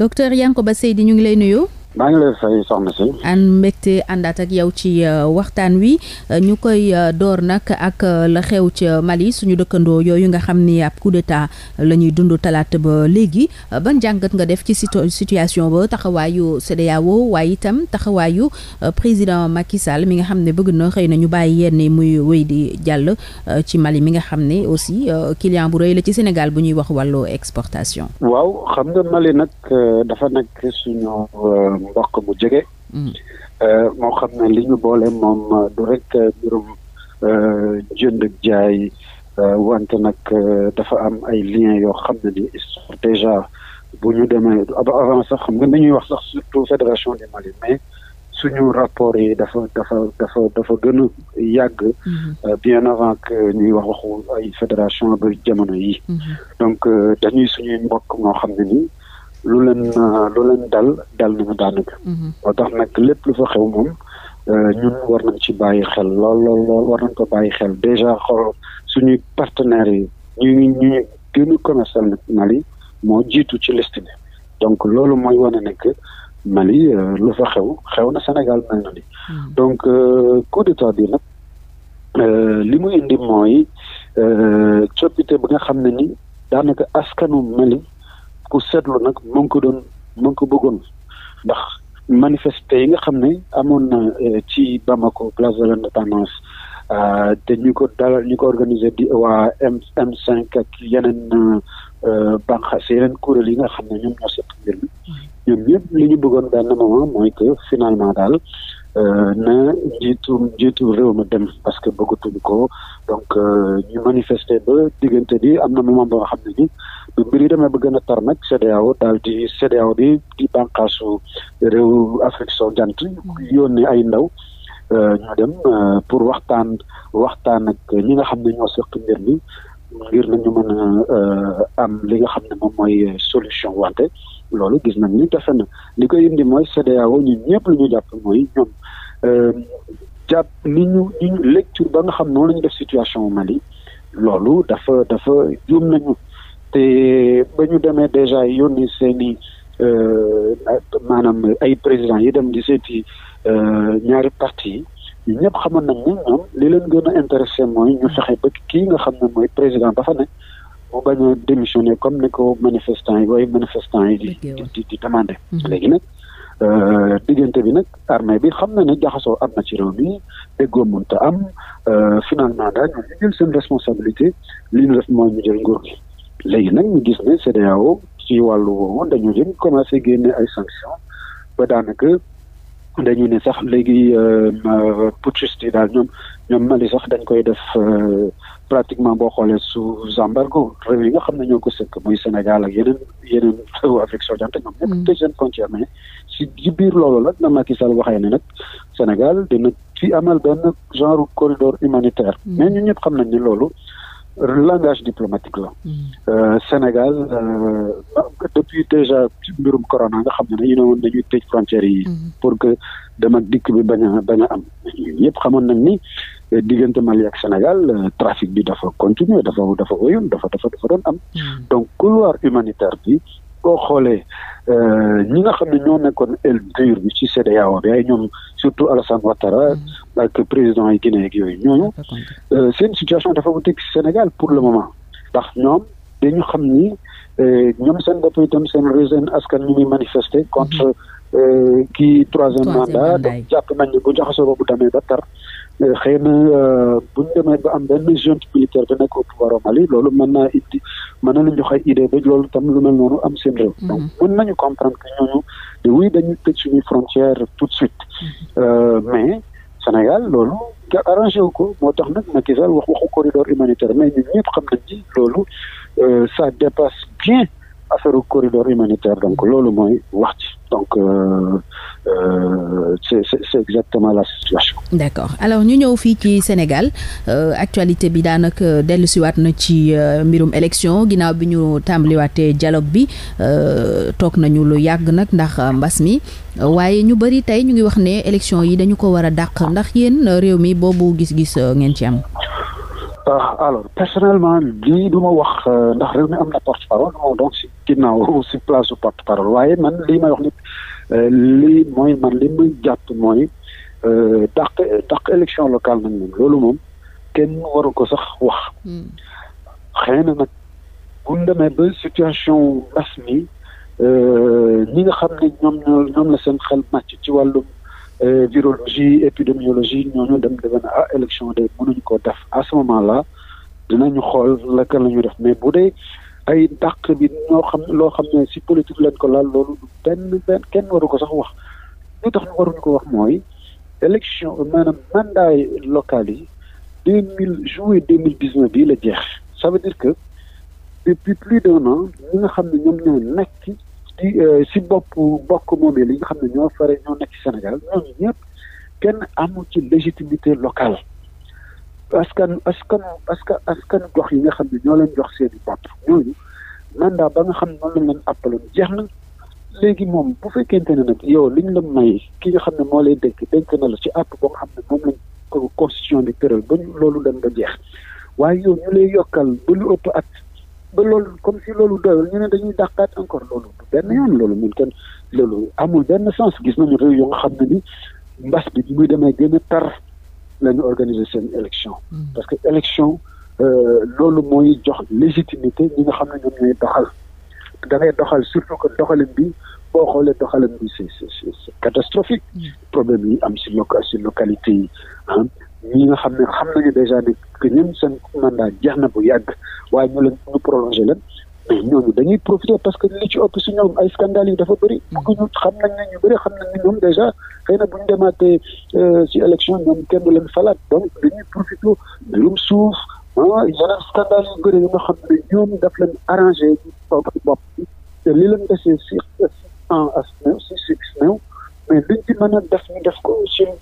docteur Yankoba Seydi ñu ngi lay nuyu maa ngi lay fay soxna si. an mbégte àndaat ak yow ci euh, waxtaan wi euh, ñu koy euh, door nag ak la xew ca Mali suñu dëkkandoo yooyu nga xam ni ab coup d'état la ñuy dund talaata ba léegi ban jàngat nga def ci situation ba taxawaayu CEDEAO waaye itam taxawaayu président Macky Sall mi nga xam ne bëgg na xëy na ñu bàyyi yenn muy wéy di jàll ci Mali mi nga xam ni aussi client bu rëy la ci Sénégal bu ñuy wax wàllu exportation. waaw xam nga Mali nag dafa nekk suñu. mbokk mu jege. Mm. Euh, moo xam na li ñu boole moom euh, du rek euh, mbirum jënd ak jaay wante nag dafa am ay liens yoo xam ne ni histoire déjà bu ñu demee avant sax xam nga ni ñuy wax sax surtout fédération de Mali mais. suñu rapport yi dafa dafa dafa dafa gën a yàgg mm-hmm. bien avant que ñuy wax waxu ay fédération ba jamono yi mm-hmm. donc dañuy suñuy mbokk moo xam ne nii lu leen euh, lu leen dal dal na mu daanaka. Mhm. moo tax nag lépp lu fa xew moom euh, ñun war nañ ci bàyyi xel lool lool lool war nañ ko bàyyi xel déjà xool suñuy partenaires yi ñu ñu commercial Mali moo jiitu ci liste bi donc loolu mooy wane ne que Mali euh, lu fa xew xew na Sénégal mel na mhm. donc coup d'état bi nag li mu indi mooy coppite bi nga xam na ni daanaka askanu Mali. ku seetlu nag mu ngi ko doon mu ngi ko bëggoon ndax manifester yi nga xam ne amoon na euh, ci Bamako place de l'indépendance euh, te ñu ko dalal ñu ko organiser di waa M M5 ak yeneen euh, banqaas yeneen kuréel yi nga xam ne ñoom ñoo seq mbir mm-hmm. ñoom ñu bëggoon benn moment mooy que finalement daal. na euh, njiitu njiitu réew ma dem parce que bëggatuñ ko donc euh, ñu manifester ba diggante bi am na moment boo xam ne ni bi mbir yi demee ba gën a tar nag CEDEAO daal di CEDEAO bi di bànqaasu réew Afrique soo jant yónnee ay ndaw euh, ñu dem pour waxtaan waxtaan nag ñi nga xam ne ñoo seq mbir mi ngir nañu mën a euh, am li nga xam ne moom mooy euh, solution wante loolu gis nañ ñu defe na li koy indi mooy CEDEAO ñu ñëpp lu ñu jàpp mooy ñoom euh, jàpp ni ñu ni ñu lecture ba nga xam noonu lañu ñu def situation Mali loolu dafa dafa juum nañu te ba ñu demee déjà yoon seen i maanaam ay président yi dem di seeti ñaari parti yi ñëpp xamoon nañ ne ñoom li leen gën a intéressé mooy ñu fexe ba kii nga xam ne mooy président ba ne mu bañ a démissionné comme ni ko manifestant yi waaye manifestant yi di di di mhm. léegi nag euh, diggante bi nag armée bi xam na ne jaxasoo am na ci réew mi déggoo mënta am euh, finalement daal ñoom ñu jël seen responsabilité li ñu def mooy ñu jël nguur gi léegi nag ñu gis ne CEDEAO ci wàllu woowu dañu jëm commencé génne ay sanctions ba daanaka dañu ni sax léegi euh, putschiste yi daal ñoom ñoom Mali sax dañ koy def euh, pratiquement boo xoolee su embargo réew yi nga xam ne ñoo ko sëkk muy Sénégal ak yeneen yeneen réew Afrique sous-orientale ñoom ñëpp mm. tëj seen frontière mais si ci biir loolu nag na Macky Sall waxee ne nag Sénégal dina ci amal benn genre corridor humanitaire mm. mais ñun ñëpp xam nañ ne loolu langage diplomatique la. Hmm. Euh, Sénégal euh, ah, depuis déjà ci mbirum corona nga xam ne ne woon dañuy tëj frontières yi. Hmm. pour que dem dikk bi bañ a am ñëpp xamoon nañ ni euh, diggante Mali ak Sénégal trafic bi dafa continuer dafa dafa wéyoon dafa dafa dafa am. Hmm. donc couloir humanitaire bi. koo xoolee euh, ñi nga xam ne ñoo nekkoon aile dure bi ci CEDEAO bi ay ñoom surtout Alassane Ouattara mm. ak président yi Guinée ak yooyu ñooñu euh, seen situation dafa wuteeg Sénégal pour le moment ndax ñoom dañu xam ni euh, ñoom seen bopp itam seen réseau askan ñu ngi manifester contre mm-hmm. kii troisième mandat donc jàpp nañ ne bu jaxasoo boobu demee ba xëy na euh, bu ñu demee ba am benn junte militaire bi nekk au pouvoir au loolu mën naa indi mën na la jox ay idée ba loolu tam lu mel noonu am seen réew. Mm-hmm. donc mën nañu comprendre que ñooñu de oui dañuy tëj suñuy frontière tout de suite mm-hmm. euh, mais Sénégal loolu. ga arrangé wu ko moo tax nag Macky Sall wax waxu corridor humanitaire mais ñun ñëpp xam nañ ci loolu sa euh, dépasse bien. affaire corridor humanitaire donc loolu mooy wax ci donc euh, euh, c'est exactement la situation. d'accord alors ñu ñëw fii ci Sénégal euh, actualité bi daanaka dellusiwaat na ci mbirum élection ginnaaw bi ñu tàmbaliwaatee jalog bi toog nañu lu yàgg nag ndax mbas mi waaye ñu bari tey ñu ngi wax ne élection yi dañu ko war a dàq ndax yéen réew mi boobu gis-gis ngeen ci am. Euh, alors personnellement lii du ma wax euh, ndax réew mi am na porte parole on donc si ginnaaw si place su porte parole waaye man lii ma wax ni euh, lii mooy man li muy jàpp mooy dàq dàq élection locale nag moom loolu moom kenn waru ko sax wax hmm. xëy na nag bu ñu ba situation mbas mi ñi nga xam ne ñoom ñoo ñoom la seen xel màcc ci wàllum Euh, virologie épidémiologie ñooñu dem defe na ah élection de mënuñu ko def à ce moment là dinañu xool laka la ñuy def mais bu dee ay dàq bi ñoo xam loo xam ne si politique lañ ko laal loolu benn benn kenn waru ko sax wax li tax ñu waruñu ko wax mooy élection maanaam mandat locales yi deux mille juillet deux mille dix neuf bii la jeex ça veut dire que depuis plus d'un an ñi nga xam ne ñoom ñoo nekk di euh, si bopp bokk moomee li nga xam ne ñoo fare ñoo nekk ci Sénégal ñooñu ñëpp kenn amu ci légitimité locale askan askan askan askan gox yi nga xam ne ñoo leen jox seen i bopp ñooñu mandat ba nga xam ne noonu lañ leen appaloon jeex na léegi moom bu fekkente ne nag yow liñ la may ki nga xam ne moo lay dénk dénk na la ci àpp ba nga xam ne moom lañ constitution bi tëral ba loolu dem ba jeex waaye yow ñu lay yokkal ba lu ëpp at ba loolu comme si loolu doyul ñu ne dañuy dàqaat encore loolu benn yoon loolu mun kenn loolu amul benn sens gis nañu réew yu nga xam ne ni mbas bi muy demee gën a tar la ñu organiser seen élection hmm. parce que élection euh, loolu mooy jox légitimité ñi nga xam ne ñoom doxal da ngay doxal surtout que doxalin bi boo xoolee doxalin bi c'est c'est catastrophique hmm. problème yi am si loca si localité yi ñi nga xam ne xam nañu déjà ne que ñun seen mandat jeex na bu yàgg waaye ñu leen ñu prolongé leen mais ñooñu dañuy profité parce que li ci ëpp si ñoom ay scandale yi dafa bëri bu ñu xam nañ ne ñu bëri xam nañ ne xëy na bu ñu demaatee si élection ñoom kenn falaat donc dañuy profité mbirum suuf ah yeneen scandale yu bëri yi nga xam ne ñoom daf leen arrangé li leen desee si as néew si si néew mais liñ ci mën a def ñu def ko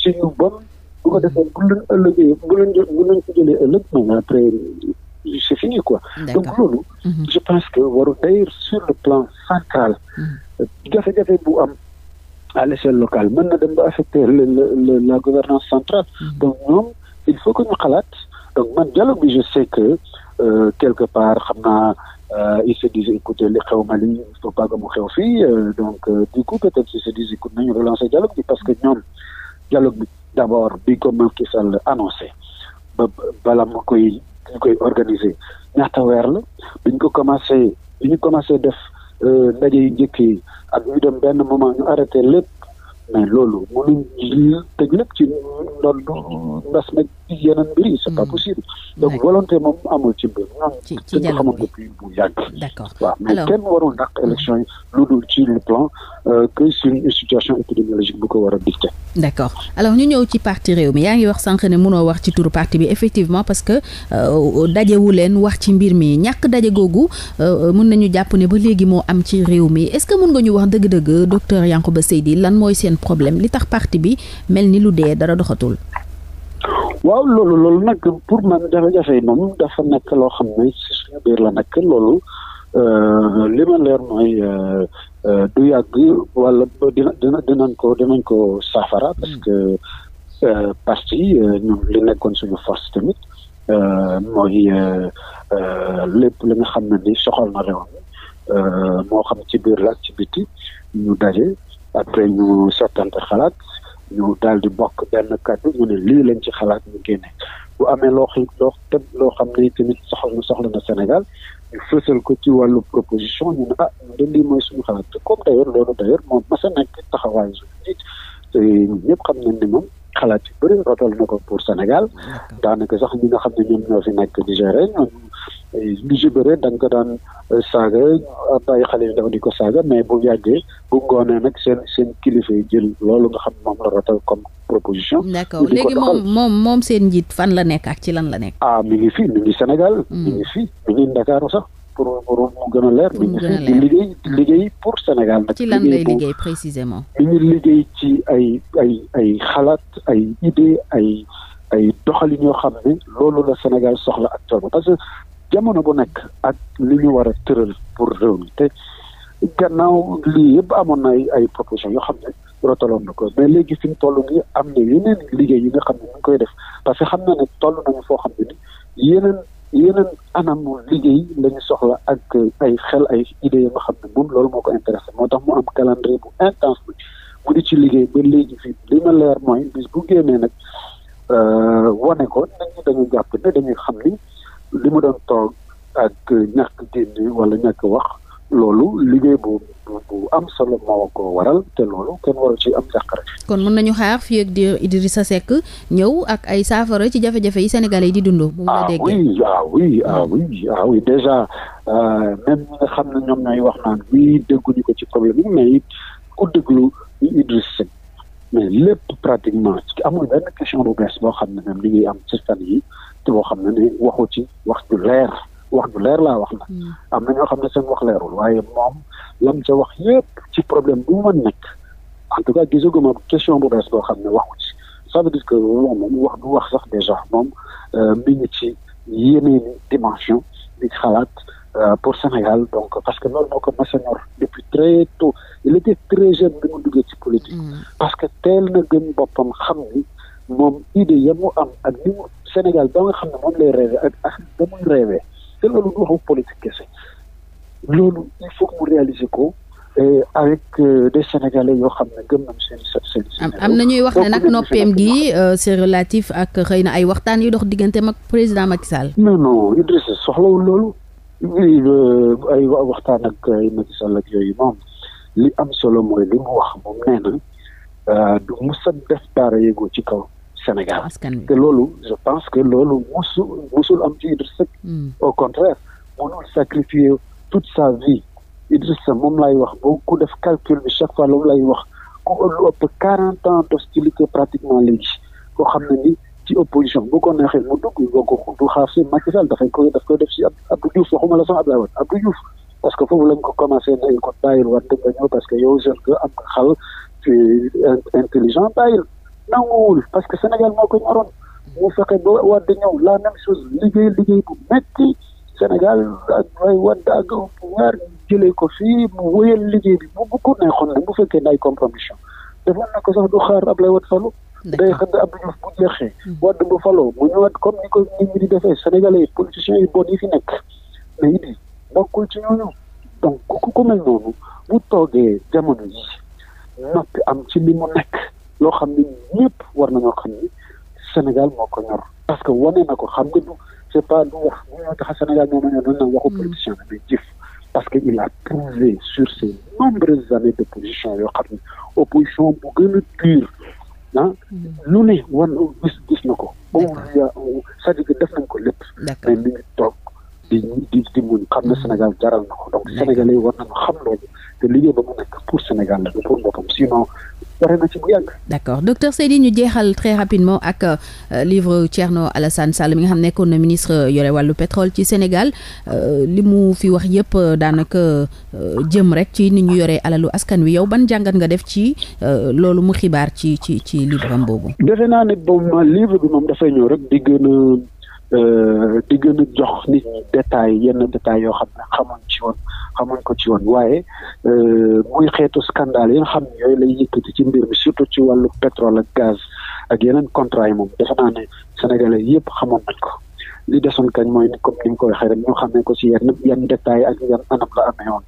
si ñu bon bu ko defee bu leen ëllëgee bu leen jël bu leen ko jëlee ëllëg moom après c'est fini quoi. donc loolu. Mhm. je pense que waru d'ailleurs sur le plan central. Mhm. jafe-jafe bu am à l'échelle locale mën na dem ba affecter le le la gouvernance centrale. Mhm. donc ñoom il faut que ñu xalaat donc man dialogue bi je sais que euh, quelque part xam naa. Euh, ils se disent écoutez li xew Mali il faut pas que mu xew fii euh, donc euh, du coup peut-être ils se disent écoute nañu relancer dialogue bi parce que ñoom dialogue bi d' abord bi ko Macky Sall annoncé ba bala ma koy ñu koy organiser ñaata weer la biñ ko commencé bi ñu commencé def euh, ndaje yu njëkk ak ñu dem benn moment ñu arrêté lépp mais loolu mënuñ tëj lépp ci ndodd mbas nag yeneen mbir yi c'est pas mm. possible ci mbir ci ci jàll bi depuis bu yàgg d'accord waaw mais kenn warul mm. ndax euh, ko war a dicté d'accord alors ñu ñëw ci parti réew mi yaa ngi wax sànq ne mënoo wax ci turu parti bi effectivement parce que euh, dajewu leen wax ci mbir mi ñàkk daje googu euh, mën nañu jàpp ne ba léegi moo am ci réew mi est-ce que mën nga ñu wax dëgg-dëgg docteur Yankhoba Seydi lan mooy seen problème li tax parti bi mel ni lu dee dara doxatul waaw loolu loolu nag pour man jafe-jafe yi moom dafa nekk loo xam ne si suñu biir la nekk loolu euh, li ma leer mooy euh, euh, du yàgg wala dina dina dinañ ko dinañ ko saafara parce mm. que li nekkoon suñu force tamit mooy lépp li xam ne ni soxal na réew moo xam ci biir la ci biti ñu daje après ñu sottante xalaat ñu daal di bokk benn kàddu ñu ne lii lañ ci xalaat ñu génne bu amee loo xam loo tëb loo xam ne tamit soxla soxla na Sénégal ñu fësal ko ci wàllu proposition ñu ne ah de lii mooy suñu xalaat comme d'ailleurs loolu d'ailleurs moom mas a nekk taxawaayu suñu nit ñëpp xam nañ ne moom xalaat yu bëri rotal na ko pour Sénégal daanaka sax ñi nga xam ne ñoom ñoo fi nekk di gérer ñoom eh, lu si bëre da nga ko daan eh, saaga bàyyi xale yu ndaw di ko saaga mais bu yàggee bu ngoonee nag seen seen kilifa yi jël loolu nga xam moom la rotal comme proposition. d'accord léegi moom moom seen njiit fan la nekk ak ci lan la nekk. ah mi ngi fi mi ngi Sénégal. Hmm. mi ngi fi mi ngi Ndakaaru sax. pour pour mu gën a leer. pour liggéey liggéey pour Sénégal nag. ci lan lay liggéey précisément. li ñu liggéey ci ay ay ay xalaat ay idée ay ay doxalin yoo xam ne loolu la Sénégal soxla actuellement parce que jamono bu nekk ak li ñu war a tëral pour réew mi te gannaaw lii yëpp amoon na ay ay proposition yoo xam ne rotaloon na ko mais léegi fi mu toll am na yeneen liggéey yi nga xam ne ñu koy def parce que xam na ne toll nañu foo xam ne ni yeneen. yeneen anamu liggéey la ñu soxla ak ay xel ay idées yoo xam ne moom loolu moo ko intéressé moo tax mu am calendrier bu intense bi mu di ci liggéey ba léegi fi li ma leer mooy bis bu génnee nag euh, wane ko nit ñi dañuy jàpp ne dañuy xam ni li mu doon toog ak ñàkk génne wala ñàkk wax loolu liggéey bu bu am solo moo ko waral te loolu kenn waru ci am jàqare kon mën nañu xaar fi ak diir sa Seck ñëw ak ay saafara ci jafe-jafe yi Sénégalais yi di dund. bu mu la ah déggee ah, ah, ah euh, même nga xam ne ñoom ñooy wax naan bii dégguñu ko ci problème yi mais it ku déglu Idrissa Seck mais lépp pratiquement ci amul benn question bu bees boo xam ne même li ngi am ci fan yi te boo xam ne ne waxu ci wax ju leer. wax ju leer laa wax la hmm. am na ñoo xam ne seen wax leerul waaye moom lam ca wax yépp ci problème bu mu mën nekk en tout cas gisaguma question bu bees boo xam ne waxu ci ça veut dire que moom moom wax du wax sax déjà moom euh, mi ngi ci yeneen dimension di xalaat euh, pour Sénégal donc parce que loolu moo ko mas a ñor depuis très tôt il était très jeune bi mu duggee ci politique hmm. parce que teel na gëm boppam xam ni moom idée ya mu am ak ni mu Sénégal ba nga xam ne moom lay rêvé ak ak da muy rêvé te loolu du waxu politique kese loolu il faut mu réaliser ko euh, avec euh, des sénégalais yoo xam ne gëm nañ seen seen. am na ñuy wax ne nag noppeem gi euh, c'est relatif ak xëy na ay waxtaan yu dox diggante mag président Macky Sall. non non Idrissa soxlawul loolu. ay waxtaan ak ay Macky ak yooyu moom li am solo mooy li mu wax moom nee du musa def daara yegoo ci kaw. Sénégal te loolu je pense que loolu musul musul am ci Idrissa hmm. au contraire mënul sacrifier toute sa vie Idrissa moom lay wax boo ku def calcul bi chaque fois loolu lay wax ku lu ëpp quarante ans d'hostilité pratiquement léegi koo xam ne ni ci opposition bu ko neexee mu dugg boo ko du xaar si Macky Sall dafay koy def si Abdou Diouf waxuma la sax Abdoulaye Wade Abdou Diouf parce que foofu lañ ko commencé nañ ko bàyyil war dëgg ñëw parce que yow jeune nga am xal tu nanguwul parce que Sénégal moo ko ñoroon mu fexe ba Wade ñëw la même chose liggéey liggéey bu metti Sénégal ak ay Wade ak pouvoir jëlee ko fii mu wéyal liggéey bi bu bu ko neexoon la bu fekkee ne ay compromission defoon ko sax du xaar Ablaye Wade falu day xëdd Abdou Diouf bu jeexee Wade bu faloo bu ñëwaat comme ni ko nit ñi di defee Sénégalais yi politiciens bon yi fi nekk mais it bokkul ci ñooñu donc ku ko mel noonu bu toogee jamono yi loo xam ne ñëpp war nañoo xam ni Sénégal moo ko ñor parce que wanee na ko xam nga du c'est pas du wax bu ñoo tax Sénégal moo ma ñor dañ naan waxu mm. politicien bi mais parce que il a prouvé sur ces nombreuses années d'opposition yoo xam ne opposition bu gën a dure ah mm. ne wan gis gis na ko ba mu c'est-à-dire que def nañ ko lépp mais mi toog di di di muñ xam ne Sénégal jaral na ko donc Sénégalais yi war nañu xam loolu te liggéey ba mu nekk pour Sénégal la pour boppam sinon pare na ci bu yàgg. jeexal très rapidement ak euh, livre Thierno Alassane Sall mi nga xam nekkoon na ministre euh, yore wàllu pétrole ci Sénégal euh, li mu fi wax yépp daanaka jëm rek ci ni ñu yore alalu askan wi yow ban jàngat nga def ci loolu mu xibaar ci ci ci boobu. defe naa ne boobu livre bi moom dafay ñëw rek di gën Euh, di gën a jox nit ñi détail yenn détail yoo xam ne xamuñ ci woon ko ci woon waaye euh, muy xeetu scandale yi xam yooyu lay yëkkati ci mbir mi surtout ci wàllu pétrole ak gaz ak yeneen contrat yi moom defe naa ne sénégalais yëpp xamoon nañ ko li desoon kañ mooy ni comme ni nga ko waxee rek ñu xamee ko ci yenn yan détail ak yan anam la amee woon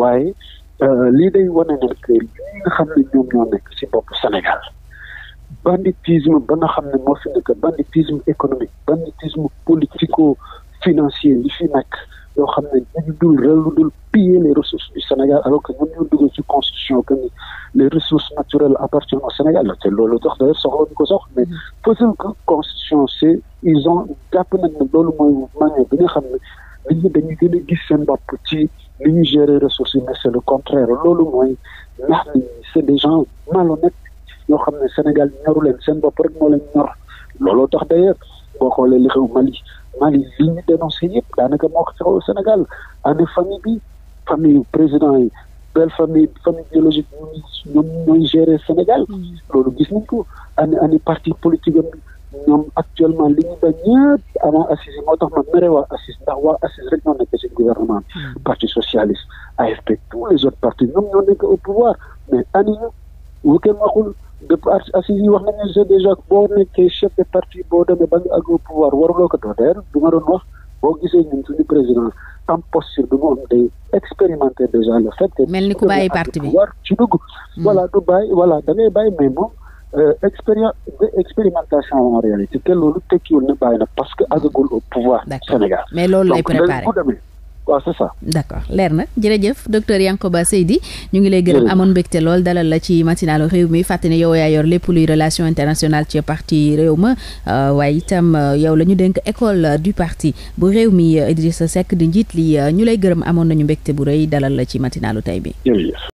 waaye euh, lii day wane ne que li nga xam ne ñoom ñoo nekk ci bopp Sénégal banditisme ba nga xam ne moo fi nekk banditisme économique banditisme politico financier li fi nekk yoo xam ne dañu dul relu dul piller les ressources du Sénégal alors que ñoom ñoo dugal ci constitution que ni les ressources naturelles appartiennent au Sénégal te loolu dox d'ailleurs soxla ñu ko sox mais mm. faisant que constitution c'est ils ont jàpp nañ ne loolu mooy ma bi nga xam ne nit ñi dañuy gën a gis seen bopp ci li ñu gérer ressources mais c'est le contraire loolu mooy ndax nit ñi c'est des gens ñoo xam ne Sénégal ñoru leen seen bopp rek moo leen ñor looloo tax d'ailleurs boo xoolee li xew Mali Mali li ñu dénoncé yëpp daanaka moo ko xew Sénégal année famille bi famille président yi belle famille famille biologique ñoom ñooy gérer Sénégal mm. loolu gis nañ ko année année parti politique am ñoom actuellement li ñu bañ ñëpp avant Assis moo tax ma mere waa Assis ndax waa Assis rek ñoo nekk ci gouvernement mm. parti socialiste AFP tous les autres partis ñoom ñoo nekk au pouvoir de parti assises yi wax nañu ne déjà boo nekkee chef de parti boo demee ba nga àgg au pouvoir waruloo ko doon d'ailleurs bi ma doon wax boo gisee ñun suñu président en posture bi mu am day expérimenter déjà le fait mel ni ku bàyyi parti bi war ci dugg. Hmm. voilà du bàyyi voilà da bàyyi mais moom euh, expérience expérimentation en réalité te loolu tekkiwul ne bàyyi na parce que àggagul au pouvoir. Sénégal mais loolu lay préparé waaw c'est ça. d'accord leer na jërëjëf docteur Yankoba Seydi ñu ngi lay gërëm amoon mbégte lool dalal la ci matinalu réew mi fàtte ne yow yaa yor lépp luy relation internationale ci parti réew ma euh, waaye itam euh, yow la ñu dénk école du parti bu réew mi euh, Idrissa Seck di njiit li ñu lay gërëm amoon nañu mbégte bu rëy dalal la ci matinalu tey bi.